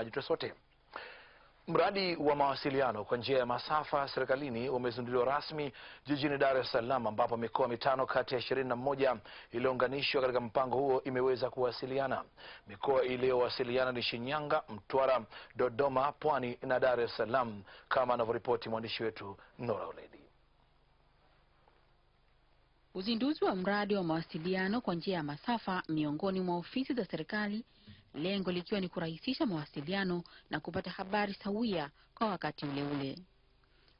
majuto sote. Mradi wa mawasiliano kwa njia ya masafa serikalini umezinduliwa rasmi jijini Dar es Salaam ambapo mikoa mitano kati ya ishirini na moja iliyounganishwa katika mpango huo imeweza kuwasiliana. Mikoa iliyowasiliana ni Shinyanga, Mtwara, Dodoma, Pwani na Dar es Salaam kama anavyoripoti mwandishi wetu Nora Uledi. Uzinduzi wa mradi wa mawasiliano kwa njia ya masafa miongoni mwa ofisi za serikali lengo likiwa ni kurahisisha mawasiliano na kupata habari sawia kwa wakati ule ule.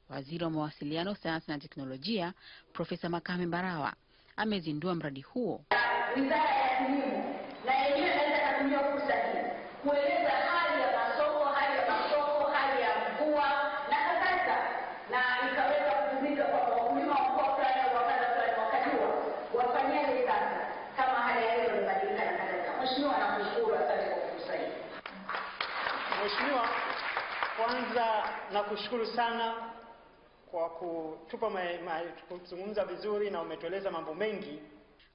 Waziri wa Mawasiliano, Sayansi na Teknolojia, Profesa Makame Mbarawa amezindua mradi huo. Wizara ya Elimu na yenyewe inaweza fursa hii kueleza hali ya hali ya masoko, hali ya mvua na kadhalika, na ikaweza kutumika kwa wakulima fulani au fulani, wakajua wafanyaje sasa kama hali ya hewa imebadilika na kadhalika. Mheshimiwa, nakushukuru. Mheshimiwa, kwanza nakushukuru sana kwa kutupa kuzungumza vizuri na umetueleza mambo mengi.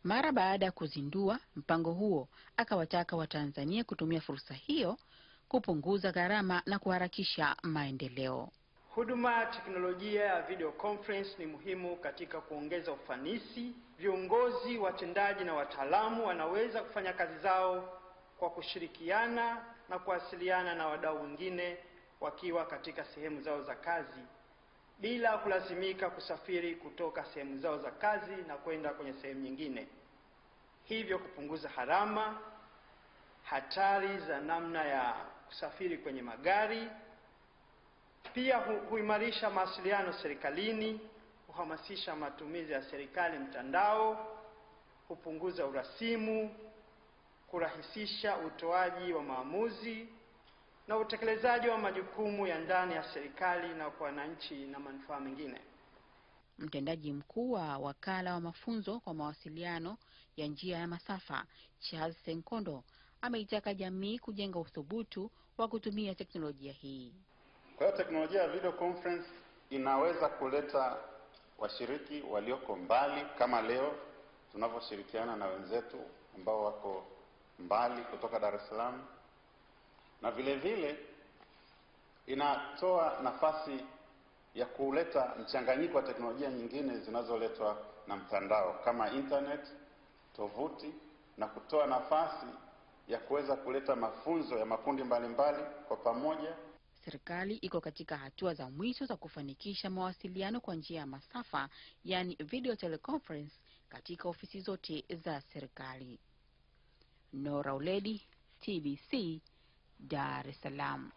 Mara baada ya kuzindua mpango huo, akawataka Watanzania kutumia fursa hiyo kupunguza gharama na kuharakisha maendeleo. Huduma ya teknolojia ya video conference ni muhimu katika kuongeza ufanisi. Viongozi, watendaji na wataalamu wanaweza kufanya kazi zao kwa kushirikiana na kuwasiliana na wadau wengine wakiwa katika sehemu zao za kazi bila kulazimika kusafiri kutoka sehemu zao za kazi na kwenda kwenye sehemu nyingine, hivyo kupunguza harama hatari za namna ya kusafiri kwenye magari. Pia hu huimarisha mawasiliano serikalini, huhamasisha matumizi ya serikali mtandao, hupunguza urasimu kurahisisha utoaji wa maamuzi na utekelezaji wa majukumu ya ndani ya serikali na kwa wananchi na manufaa mengine. Mtendaji mkuu wa wakala wa mafunzo kwa mawasiliano ya njia ya masafa Charles Senkondo ameitaka jamii kujenga uthubutu wa kutumia teknolojia hii. Kwa hiyo teknolojia ya video conference inaweza kuleta washiriki walioko mbali, kama leo tunavyoshirikiana na wenzetu ambao wako mbali kutoka Dar es Salaam, na vile vile inatoa nafasi ya kuleta mchanganyiko wa teknolojia nyingine zinazoletwa na mtandao kama internet, tovuti na kutoa nafasi ya kuweza kuleta mafunzo ya makundi mbalimbali mbali kwa pamoja. Serikali iko katika hatua za mwisho za kufanikisha mawasiliano kwa njia ya masafa, yani video teleconference katika ofisi zote za serikali. Nora Uledi, TBC, Dar es Salaam.